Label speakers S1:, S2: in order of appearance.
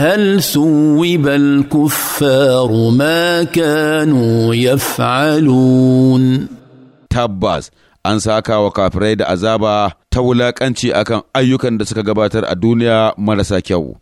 S1: هل ثوب الكفار ما كانوا يفعلون تباز an saka wa kafirai da azaba
S2: ta wulaƙanci akan ayyukan da suka gabatar a duniya marasa kyau